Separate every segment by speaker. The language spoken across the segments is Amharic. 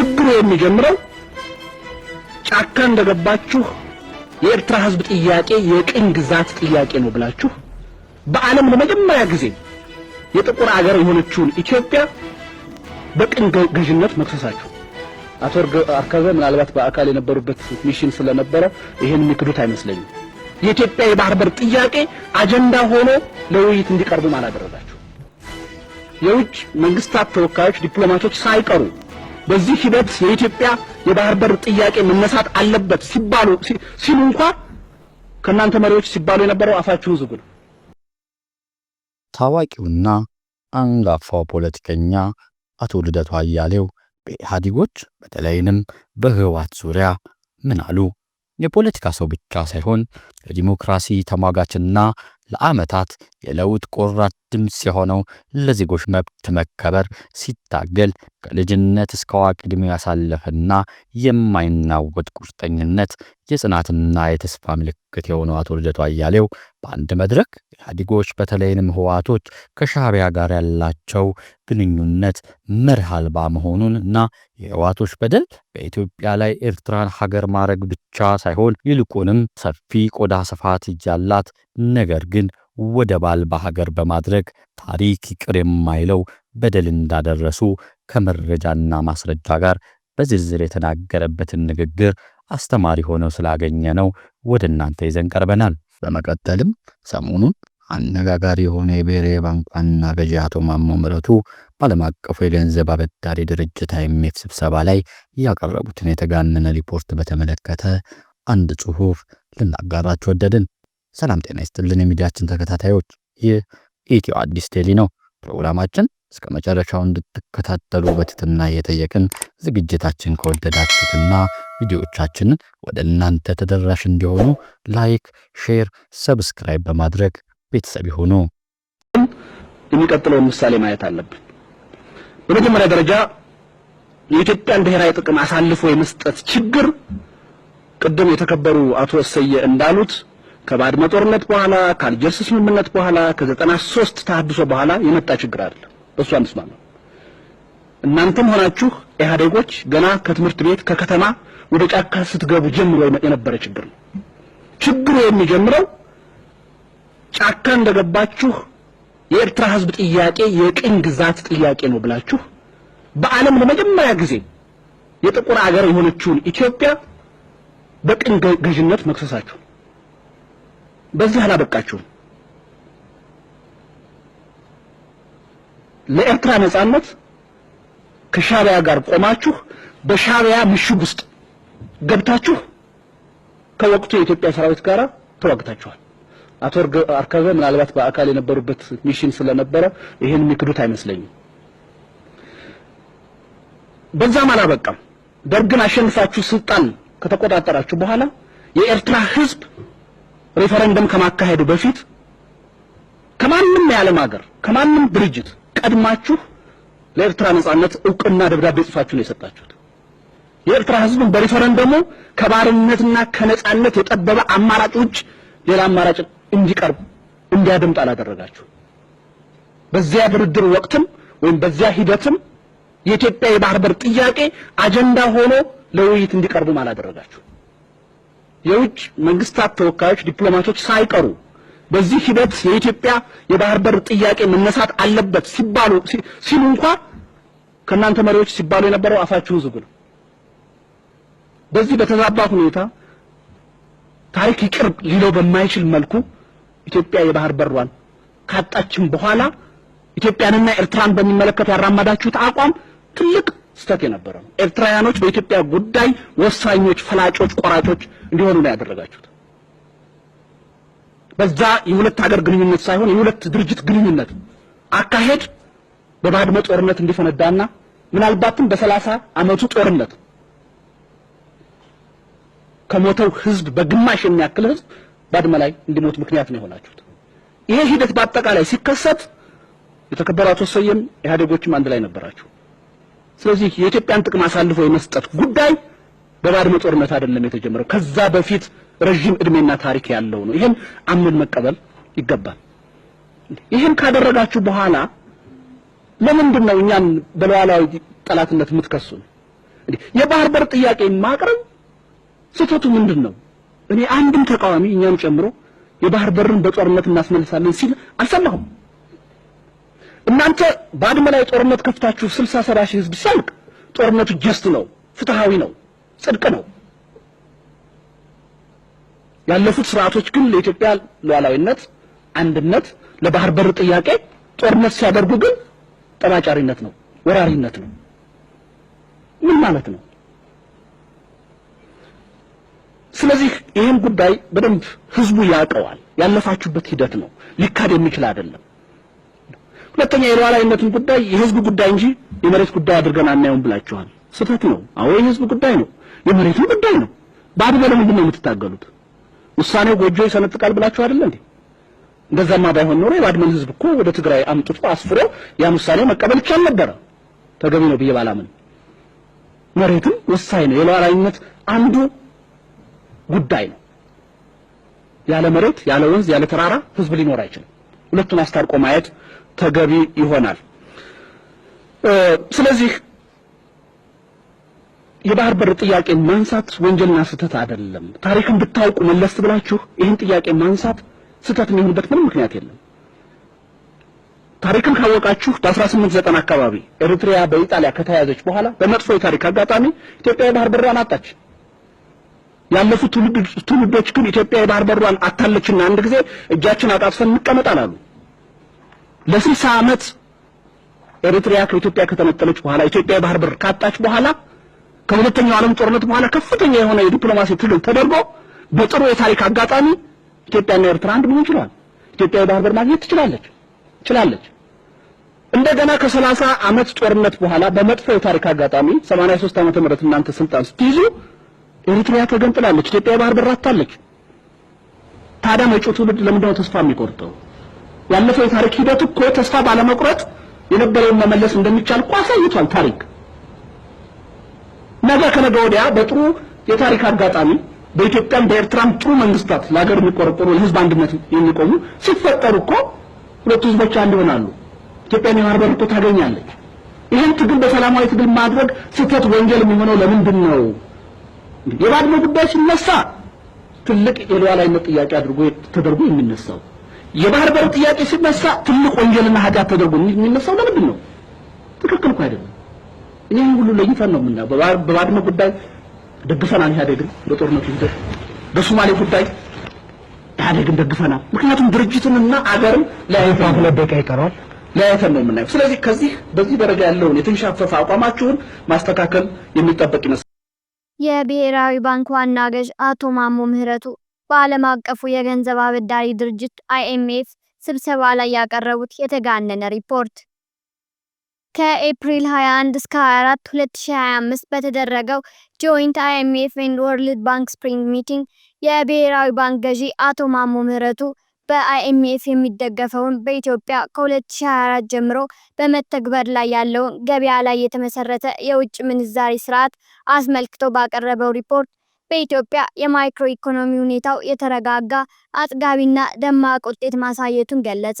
Speaker 1: ችግሩ የሚጀምረው ጫካ እንደገባችሁ የኤርትራ ሕዝብ ጥያቄ የቅኝ ግዛት ጥያቄ ነው ብላችሁ በዓለም ለመጀመሪያ ጊዜ የጥቁር አገር የሆነችውን ኢትዮጵያ በቅኝ ገዥነት መክሰሳችሁ። አቶ አርከበ ምናልባት በአካል የነበሩበት ሚሽን ስለነበረ ይህን የሚክዱት አይመስለኝም። የኢትዮጵያ የባህር በር ጥያቄ አጀንዳ ሆኖ ለውይይት እንዲቀርብም አላደረጋችሁ። የውጭ መንግስታት ተወካዮች፣ ዲፕሎማቶች ሳይቀሩ በዚህ ሂደት የኢትዮጵያ የባህር በር ጥያቄ መነሳት አለበት ሲባሉ ሲሉ እንኳ ከእናንተ መሪዎች ሲባሉ የነበረው አፋችሁን ዝጉ ነው።
Speaker 2: ታዋቂውና አንጋፋው ፖለቲከኛ አቶ ልደቱ አያሌው በኢህአዴጎች በተለይንም በህወሓት ዙሪያ ምን አሉ? የፖለቲካ ሰው ብቻ ሳይሆን የዲሞክራሲ ተሟጋችና ለዓመታት የለውጥ ቆራጥ ድምፅ የሆነው ለዜጎች መብት መከበር ሲታገል ከልጅነት እስከ አዋቂ ዕድሜው ያሳለፈና የማይናወጥ ቁርጠኝነት የጽናትና የተስፋ ምልክት የሆነው አቶ ልደቱ አያሌው በአንድ መድረክ ኢህአዴጎች በተለይንም ህወሓቶች ከሻዕቢያ ጋር ያላቸው ግንኙነት መርህ አልባ መሆኑን እና የህወሓቶች በደል በኢትዮጵያ ላይ ኤርትራን ሀገር ማድረግ ብቻ ሳይሆን ይልቁንም ሰፊ ቆዳ ስፋት እያላት ነገር ግን ወደ አልባ ሀገር በማድረግ ታሪክ ይቅር የማይለው በደል እንዳደረሱ ከመረጃና ማስረጃ ጋር በዝርዝር የተናገረበትን ንግግር አስተማሪ ሆነው ስላገኘ ነው ወደ እናንተ ይዘን ቀርበናል። በመቀጠልም ሰሞኑን አነጋጋሪ የሆነ የብሔራዊ ባንክ ዋና ገዢ አቶ ማሞ ምህረቱ በዓለም አቀፉ የገንዘብ አበዳሪ ድርጅት አይኤምኤፍ ስብሰባ ላይ ያቀረቡትን የተጋነነ ሪፖርት በተመለከተ አንድ ጽሑፍ ልናጋራችሁ ወደድን። ሰላም ጤና ይስጥልን የሚዲያችን ተከታታዮች፣ ይህ ኢትዮ አዲስ ዴሊ ነው። ፕሮግራማችን እስከ መጨረሻው እንድትከታተሉ በትትና እየጠየቅን ዝግጅታችን ከወደዳችሁትና ቪዲዮዎቻችንን ወደ እናንተ ተደራሽ እንዲሆኑ ላይክ፣ ሼር፣ ሰብስክራይብ በማድረግ ቤተሰብ ይሁኑ።
Speaker 1: የሚቀጥለውን ምሳሌ ማየት አለብን። በመጀመሪያ ደረጃ የኢትዮጵያን ብሔራዊ ጥቅም አሳልፎ የመስጠት ችግር ቅድም የተከበሩ አቶ እሰየ እንዳሉት ከባድመ ጦርነት በኋላ ከአልጀርስ ስምምነት በኋላ ከዘጠና ሶስት ተሃድሶ በኋላ የመጣ ችግር አለ። በእሱ አንስማማም። እናንተም ሆናችሁ ኢህአዴጎች ገና ከትምህርት ቤት ከከተማ ወደ ጫካ ስትገቡ ጀምሮ የነበረ ችግር ነው። ችግሩ የሚጀምረው ጫካ እንደገባችሁ የኤርትራ ህዝብ ጥያቄ የቅኝ ግዛት ጥያቄ ነው ብላችሁ በዓለም ለመጀመሪያ ጊዜ የጥቁር አገር የሆነችውን ኢትዮጵያ በቅኝ ገዥነት መክሰሳችሁ፣ በዚህ አላበቃችሁም። ለኤርትራ ነጻነት ከሻቢያ ጋር ቆማችሁ በሻቢያ ምሽግ ውስጥ ገብታችሁ ከወቅቱ የኢትዮጵያ ሰራዊት ጋር ተዋግታችኋል። አቶ አርከበ ምናልባት በአካል የነበሩበት ሚሽን ስለነበረ ይሄን የሚክዱት አይመስለኝም። በዛም አላበቃም። ደርግን አሸንፋችሁ ስልጣን ከተቆጣጠራችሁ በኋላ የኤርትራ ሕዝብ ሪፈረንደም ከማካሄዱ በፊት ከማንም የዓለም ሀገር ከማንም ድርጅት ቀድማችሁ ለኤርትራ ነጻነት እውቅና ደብዳቤ ጽፋችሁ ነው የሰጣችሁት። የኤርትራ ህዝብን በሪፈረንደሙ ከባርነትና ከነጻነት የጠበበ አማራጭ ውጭ ሌላ አማራጭ እንዲቀርብ እንዲያደምጥ አላደረጋችሁ። በዚያ ድርድር ወቅትም ወይም በዚያ ሂደትም የኢትዮጵያ የባህር በር ጥያቄ አጀንዳ ሆኖ ለውይይት እንዲቀርብም አላደረጋችሁ። የውጭ መንግስታት ተወካዮች፣ ዲፕሎማቶች ሳይቀሩ በዚህ ሂደት የኢትዮጵያ የባህር በር ጥያቄ መነሳት አለበት ሲባሉ ሲሉ እንኳ ከእናንተ መሪዎች ሲባሉ የነበረው አፋችሁን ዝጉ ነው። በዚህ በተዛባ ሁኔታ ታሪክ ይቅር ሊለው በማይችል መልኩ ኢትዮጵያ የባህር በሯን ካጣችም በኋላ ኢትዮጵያንና ኤርትራን በሚመለከት ያራመዳችሁት አቋም ትልቅ ስህተት የነበረ ነው። ኤርትራውያኖች በኢትዮጵያ ጉዳይ ወሳኞች፣ ፈላጮች፣ ቆራጮች እንዲሆኑ ነው ያደረጋችሁት። በዛ የሁለት ሀገር ግንኙነት ሳይሆን የሁለት ድርጅት ግንኙነት አካሄድ በባድመ ጦርነት እንዲፈነዳና ምናልባትም በሰላሳ አመቱ ጦርነት ከሞተው ህዝብ በግማሽ የሚያክል ህዝብ ባድመ ላይ እንዲሞት ምክንያት ነው የሆናችሁት። ይሄ ሂደት በአጠቃላይ ሲከሰት የተከበሩ አቶ ሰየም ኢህአዴጎችም አንድ ላይ ነበራችሁ። ስለዚህ የኢትዮጵያን ጥቅም አሳልፎ የመስጠት ጉዳይ በባድመ ጦርነት አይደለም የተጀመረው፣ ከዛ በፊት ረዥም እድሜና ታሪክ ያለው ነው። ይሄን አምነን መቀበል ይገባል። ይሄን ካደረጋችሁ በኋላ ለምንድን ነው እኛን በሉዓላዊ ጠላትነት የምትከሱን? የባህር በር ጥያቄ ማቅረብ ስህተቱ ምንድን ነው? እኔ አንድም ተቃዋሚ እኛን ጨምሮ የባህር በርን በጦርነት እናስመልሳለን ሲል አልሰማሁም። እናንተ ባድመ ላይ ጦርነት ከፍታችሁ ስልሳ ሰባ ሺህ ህዝብ ሲያልቅ ጦርነቱ ጀስት ነው፣ ፍትሃዊ ነው ጽድቅ ነው። ያለፉት ስርዓቶች ግን ለኢትዮጵያ ሉዓላዊነት፣ አንድነት፣ ለባህር በር ጥያቄ ጦርነት ሲያደርጉ ግን ጠባጫሪነት ነው፣ ወራሪነት ነው። ምን ማለት ነው? ስለዚህ ይህን ጉዳይ በደንብ ህዝቡ ያውቀዋል። ያለፋችሁበት ሂደት ነው፣ ሊካድ የሚችል አይደለም። ሁለተኛ የሉዓላዊነትን ጉዳይ የህዝብ ጉዳይ እንጂ የመሬት ጉዳይ አድርገን አናየውም ብላችኋል። ስህተት ነው። አዎ የህዝብ ጉዳይ ነው፣ የመሬትም ጉዳይ ነው። ባድመ ለምንድን ነው የምትታገሉት? ውሳኔው ጎጆ ይሰነጥቃል ብላችሁ አይደል እንዴ? እንደዛማ ባይሆን ኖሮ የባድመን ህዝብ እኮ ወደ ትግራይ አምጥቶ አስፍሮ ያን ውሳኔ መቀበል ይቻል ነበረ። ተገቢ ነው ብዬ ባላምን፣ መሬትም ወሳኝ ነው፣ የሉዓላዊነት አንዱ ጉዳይ ነው። ያለ መሬት ያለ ወንዝ ያለ ተራራ ህዝብ ሊኖር አይችልም። ሁለቱን አስታርቆ ማየት ተገቢ ይሆናል። ስለዚህ የባህር በር ጥያቄ ማንሳት ወንጀልና ስህተት አይደለም። ታሪክን ብታውቁ መለስ ብላችሁ ይህን ጥያቄ ማንሳት ስህተት የሚሆንበት ምንም ምክንያት የለም። ታሪክን ካወቃችሁ በ1890 አካባቢ ኤርትሪያ በኢጣሊያ ከተያዘች በኋላ በመጥፎ የታሪክ አጋጣሚ ኢትዮጵያ የባህር በሯን አጣች። ያለፉት ትውልዶች ግን ኢትዮጵያ የባህር በሯን አታለችና አንድ ጊዜ እጃችን አጣጥፈን እንቀመጥ አላሉ። ለ60 ዓመት ኤርትሪያ ከኢትዮጵያ ከተነጠለች በኋላ ኢትዮጵያ የባህር በር ካጣች በኋላ ከሁለተኛው ዓለም ጦርነት በኋላ ከፍተኛ የሆነ የዲፕሎማሲ ትግል ተደርጎ በጥሩ የታሪክ አጋጣሚ ኢትዮጵያና ኤርትራ አንድ መሆን ችለዋል። ኢትዮጵያ የባህር በር ማግኘት ትችላለች ትችላለች። እንደገና ከሰላሳ ዓመት ጦርነት በኋላ በመጥፎ የታሪክ አጋጣሚ 83 ዓመተ ምህረት እናንተ ስልጣን ስትይዙ ኤሪትሪያ ተገንጥላለች፣ ኢትዮጵያ የባህር በር አጣለች። ታዲያ መጪው ትውልድ ለምንድነው ተስፋ የሚቆርጠው? ያለፈው የታሪክ ሂደት እኮ ተስፋ ባለመቁረጥ የነበረውን መመለስ እንደሚቻል እኮ አሳይቷል ታሪክ። ነገ ከነገ ወዲያ በጥሩ የታሪክ አጋጣሚ በኢትዮጵያም በኤርትራም ጥሩ መንግስታት ለሀገር የሚቆረቆሩ ለህዝብ አንድነት የሚቆሙ ሲፈጠሩ እኮ ሁለቱ ህዝቦች አንድ ይሆናሉ። ኢትዮጵያ የባህር በር እኮ ታገኛለች። ይህን ትግል በሰላማዊ ትግል ማድረግ ስህተት፣ ወንጀል የሚሆነው ለምንድን ነው? የባድመ ጉዳይ ሲነሳ ትልቅ የሉዓላዊነት ጥያቄ አድርጎ ተደርጎ የሚነሳው የባህር በር ጥያቄ ሲነሳ ትልቅ ወንጀልና ኃጢአት ተደርጎ የሚነሳው ለምንድን ነው? ትክክል እኮ አይደለም። እኛም ሁሉ ለይተን ነው የምናየው። በባድመ ጉዳይ ደግፈናል ኢህአዴግን በጦርነቱ ሂደት፣ በሶማሌ ጉዳይ ኢህአዴግን ደግፈናል። ምክንያቱም ድርጅትንና አገርን ለበቃ ይቀረዋል ለያየተን ነው የምናየው። ስለዚህ ከዚህ በዚህ ደረጃ ያለውን የተንሻፈፈ አቋማችሁን ማስተካከል የሚጠበቅ ይመስላል።
Speaker 3: የብሔራዊ ባንክ ዋና ገዥ አቶ ማሞ ምህረቱ በዓለም አቀፉ የገንዘብ አበዳሪ ድርጅት አይኤምኤፍ ስብሰባ ላይ ያቀረቡት የተጋነነ ሪፖርት ከኤፕሪል 21 እስከ 24 2025 በተደረገው ጆይንት አይኤምኤፍ ኤንድ ወርልድ ባንክ ስፕሪንግ ሚቲንግ የብሔራዊ ባንክ ገዢ አቶ ማሞ ምህረቱ በአይኤምኤፍ የሚደገፈውን በኢትዮጵያ ከ2024 ጀምሮ በመተግበር ላይ ያለውን ገበያ ላይ የተመሰረተ የውጭ ምንዛሪ ስርዓት አስመልክቶ ባቀረበው ሪፖርት በኢትዮጵያ የማይክሮ ኢኮኖሚ ሁኔታው የተረጋጋ አጥጋቢና ደማቅ ውጤት ማሳየቱን ገለጸ።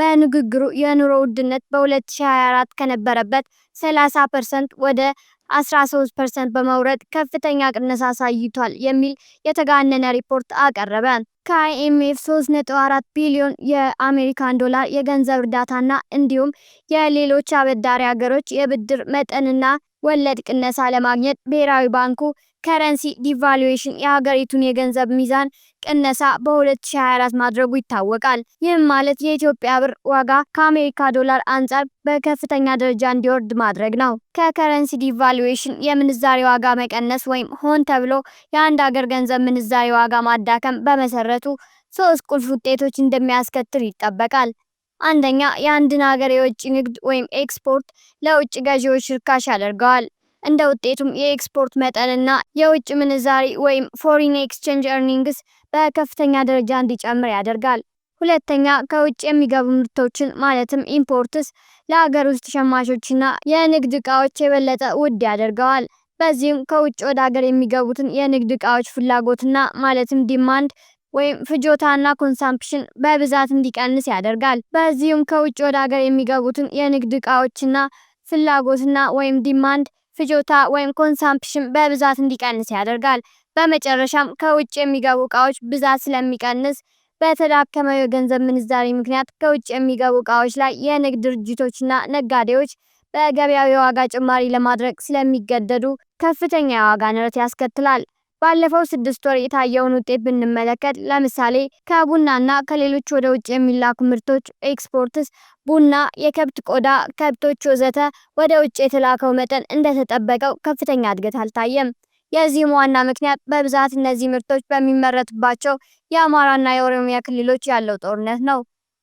Speaker 3: በንግግሩ የኑሮ ውድነት በ2024 ከነበረበት 30% ወደ 13% በመውረድ ከፍተኛ ቅነሳ አሳይቷል የሚል የተጋነነ ሪፖርት አቀረበ። ከአይኤምኤፍ 3.4 ቢሊዮን የአሜሪካን ዶላር የገንዘብ እርዳታና እንዲሁም የሌሎች አበዳሪ ሀገሮች የብድር መጠንና ወለድ ቅነሳ ለማግኘት ብሔራዊ ባንኩ ከረንሲ ዲቫሉዌሽን የሀገሪቱን የገንዘብ ሚዛን ቅነሳ በ2024 ማድረጉ ይታወቃል። ይህም ማለት የኢትዮጵያ ብር ዋጋ ከአሜሪካ ዶላር አንጻር በከፍተኛ ደረጃ እንዲወርድ ማድረግ ነው። ከከረንሲ ዲቫሉዌሽን የምንዛሬ ዋጋ መቀነስ ወይም ሆን ተብሎ የአንድ ሀገር ገንዘብ ምንዛሬ ዋጋ ማዳከም በመሰረቱ ሶስት ቁልፍ ውጤቶች እንደሚያስከትል ይጠበቃል። አንደኛ፣ የአንድን ሀገር የውጭ ንግድ ወይም ኤክስፖርት ለውጭ ገዢዎች ርካሽ ያደርገዋል። እንደ ውጤቱም የኤክስፖርት መጠንና የውጭ ምንዛሪ ወይም ፎሪን ኤክስቼንጅ ኤርኒንግስ በከፍተኛ ደረጃ እንዲጨምር ያደርጋል። ሁለተኛ ከውጭ የሚገቡ ምርቶችን ማለትም ኢምፖርትስ ለሀገር ውስጥ ሸማቾችና የንግድ እቃዎች የበለጠ ውድ ያደርገዋል። በዚህም ከውጭ ወደ ሀገር የሚገቡትን የንግድ እቃዎች ፍላጎትና ማለትም ዲማንድ ወይም ፍጆታና ኮንሳምፕሽን በብዛት እንዲቀንስ ያደርጋል። በዚህም ከውጭ ወደ ሀገር የሚገቡትን የንግድ እቃዎችና ፍላጎትና ወይም ዲማንድ ፍጆታ ወይም ኮንሳምፕሽን በብዛት እንዲቀንስ ያደርጋል። በመጨረሻም ከውጭ የሚገቡ እቃዎች ብዛት ስለሚቀንስ በተዳከመው የገንዘብ ምንዛሪ ምክንያት ከውጭ የሚገቡ እቃዎች ላይ የንግድ ድርጅቶችና ነጋዴዎች በገበያው የዋጋ ጭማሪ ለማድረግ ስለሚገደዱ ከፍተኛ የዋጋ ንረት ያስከትላል። ባለፈው ስድስት ወር የታየውን ውጤት ብንመለከት ለምሳሌ ከቡናና ከሌሎች ወደ ውጭ የሚላኩ ምርቶች ኤክስፖርትስ ቡና፣ የከብት ቆዳ፣ ከብቶች ወዘተ ወደ ውጭ የተላከው መጠን እንደተጠበቀው ከፍተኛ እድገት አልታየም። የዚህም ዋና ምክንያት በብዛት እነዚህ ምርቶች በሚመረቱባቸው የአማራና የኦሮሚያ ክልሎች ያለው ጦርነት ነው።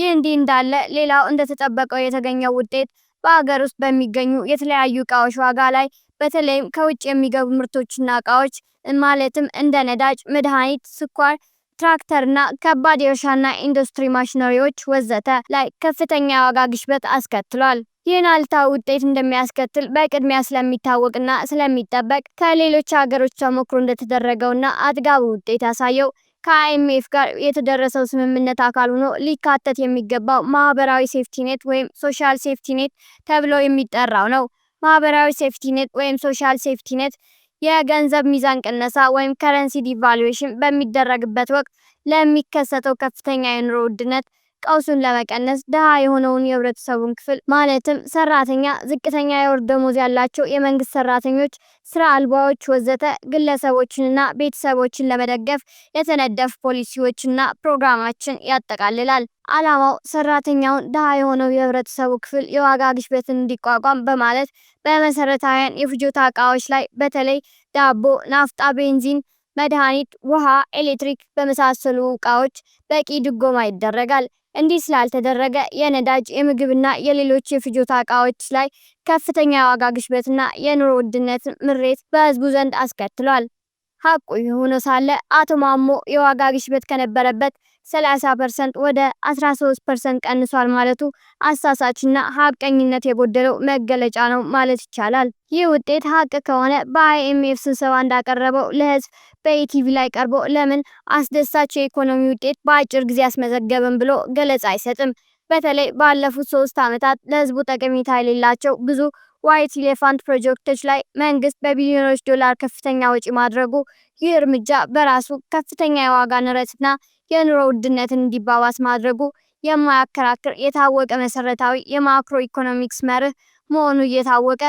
Speaker 3: ይህ እንዲህ እንዳለ ሌላው እንደተጠበቀው የተገኘው ውጤት በሀገር ውስጥ በሚገኙ የተለያዩ እቃዎች ዋጋ ላይ በተለይም ከውጭ የሚገቡ ምርቶችና እቃዎች ማለትም እንደ ነዳጅ፣ መድኃኒት፣ ስኳር፣ ትራክተርና ከባድ የእርሻና ኢንዱስትሪ ማሽነሪዎች ወዘተ ላይ ከፍተኛ የዋጋ ግሽበት አስከትሏል። ይህን አልታ ውጤት እንደሚያስከትል በቅድሚያ ስለሚታወቅና ስለሚጠበቅ ከሌሎች ሀገሮች ተሞክሮ እንደተደረገውና አጥጋቢ ውጤት ያሳየው ከአይኤምኤፍ ጋር የተደረሰው ስምምነት አካል ሆኖ ሊካተት የሚገባው ማህበራዊ ሴፍቲኔት ወይም ሶሻል ሴፍቲኔት ተብሎ የሚጠራው ነው። ማህበራዊ ሴፍቲኔት ወይም ሶሻል ሴፍቲኔት የገንዘብ ሚዛን ቅነሳ ወይም ከረንሲ ዲቫሉዌሽን በሚደረግበት ወቅት ለሚከሰተው ከፍተኛ የኑሮ ውድነት ቀውሱን ለመቀነስ ድሃ የሆነውን የህብረተሰቡን ክፍል ማለትም ሰራተኛ፣ ዝቅተኛ የወር ደሞዝ ያላቸው የመንግስት ሰራተኞች፣ ስራ አልባዎች ወዘተ ግለሰቦችንና ቤተሰቦችን ለመደገፍ የተነደፉ ፖሊሲዎችና ፕሮግራማችን ያጠቃልላል። ዓላማው ሰራተኛውን ድሃ የሆነው የህብረተሰቡ ክፍል የዋጋ ግሽበትን እንዲቋቋም በማለት በመሰረታዊያን የፍጆታ እቃዎች ላይ በተለይ ዳቦ፣ ናፍጣ፣ ቤንዚን፣ መድኃኒት፣ ውሃ፣ ኤሌክትሪክ በመሳሰሉ እቃዎች በቂ ድጎማ ይደረጋል። እንዲህ ስላልተደረገ የነዳጅ፣ የምግብና የሌሎች የፍጆታ እቃዎች ላይ ከፍተኛ የዋጋ ግሽበትና የኑሮ ውድነት ምሬት በህዝቡ ዘንድ አስከትሏል። ሐቁ የሆነ ሳለ አቶ ማሞ የዋጋ ግሽበት ከነበረበት 30% ወደ 13% ቀንሷል ማለቱ አሳሳችና ሀቀኝነት የጎደለው መገለጫ ነው ማለት ይቻላል። ይህ ውጤት ሀቅ ከሆነ በአይኤምኤፍ ስብሰባ እንዳቀረበው ለህዝብ በኢቲቪ ላይ ቀርቦ ለምን አስደሳች የኢኮኖሚ ውጤት በአጭር ጊዜ አስመዘገብን ብሎ ገለጻ አይሰጥም? በተለይ ባለፉት ሶስት ዓመታት ለህዝቡ ጠቀሜታ የሌላቸው ብዙ ዋይት ኤሌፋንት ፕሮጀክቶች ላይ መንግስት በቢሊዮኖች ዶላር ከፍተኛ ወጪ ማድረጉ ይህ እርምጃ በራሱ ከፍተኛ የዋጋ ንረትና የኑሮ ውድነትን እንዲባባስ ማድረጉ የማያከራክር የታወቀ መሰረታዊ የማክሮ ኢኮኖሚክስ መርህ መሆኑ እየታወቀ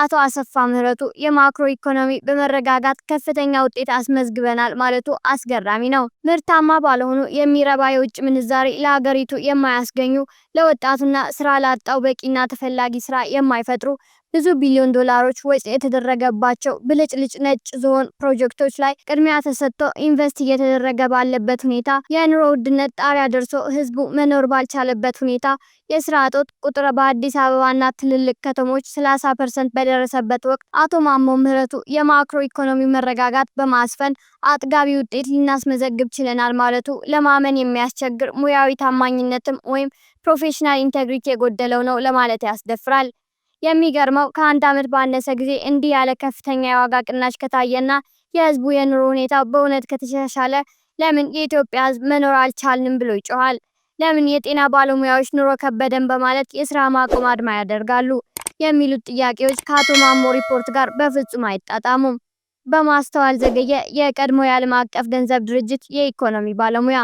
Speaker 3: አቶ አሰፋ ምህረቱ የማክሮ ኢኮኖሚ በመረጋጋት ከፍተኛ ውጤት አስመዝግበናል ማለቱ አስገራሚ ነው። ምርታማ ባለሆኑ የሚረባ የውጭ ምንዛሬ ለሀገሪቱ የማያስገኙ ለወጣቱና ስራ ላጣው በቂና ተፈላጊ ስራ የማይፈጥሩ ብዙ ቢሊዮን ዶላሮች ወጪ የተደረገባቸው ብልጭልጭ ነጭ ዝሆን ፕሮጀክቶች ላይ ቅድሚያ ተሰጥቶ ኢንቨስት እየተደረገ ባለበት ሁኔታ የኑሮ ውድነት ጣሪያ ደርሶ ህዝቡ መኖር ባልቻለበት ሁኔታ የስራ አጦት ቁጥር በአዲስ አበባና ትልልቅ ከተሞች 30 ፐርሰንት በደረሰበት ወቅት አቶ ማሞ ምህረቱ የማክሮ ኢኮኖሚ መረጋጋት በማስፈን አጥጋቢ ውጤት ልናስመዘግብ ችለናል ማለቱ ለማመን የሚያስቸግር ሙያዊ ታማኝነትም ወይም ፕሮፌሽናል ኢንቴግሪቲ የጎደለው ነው ለማለት ያስደፍራል። የሚገርመው ከአንድ ዓመት ባነሰ ጊዜ እንዲህ ያለ ከፍተኛ የዋጋ ቅናሽ ከታየና የህዝቡ የኑሮ ሁኔታ በእውነት ከተሻሻለ ለምን የኢትዮጵያ ህዝብ መኖር አልቻልንም ብሎ ይጮኋል? ለምን የጤና ባለሙያዎች ኑሮ ከበደን በማለት የስራ ማቆም አድማ ያደርጋሉ? የሚሉት ጥያቄዎች ከአቶ ማሞ ሪፖርት ጋር በፍጹም አይጣጣሙም። በማስተዋል ዘገየ፣ የቀድሞ የዓለም አቀፍ ገንዘብ ድርጅት የኢኮኖሚ ባለሙያ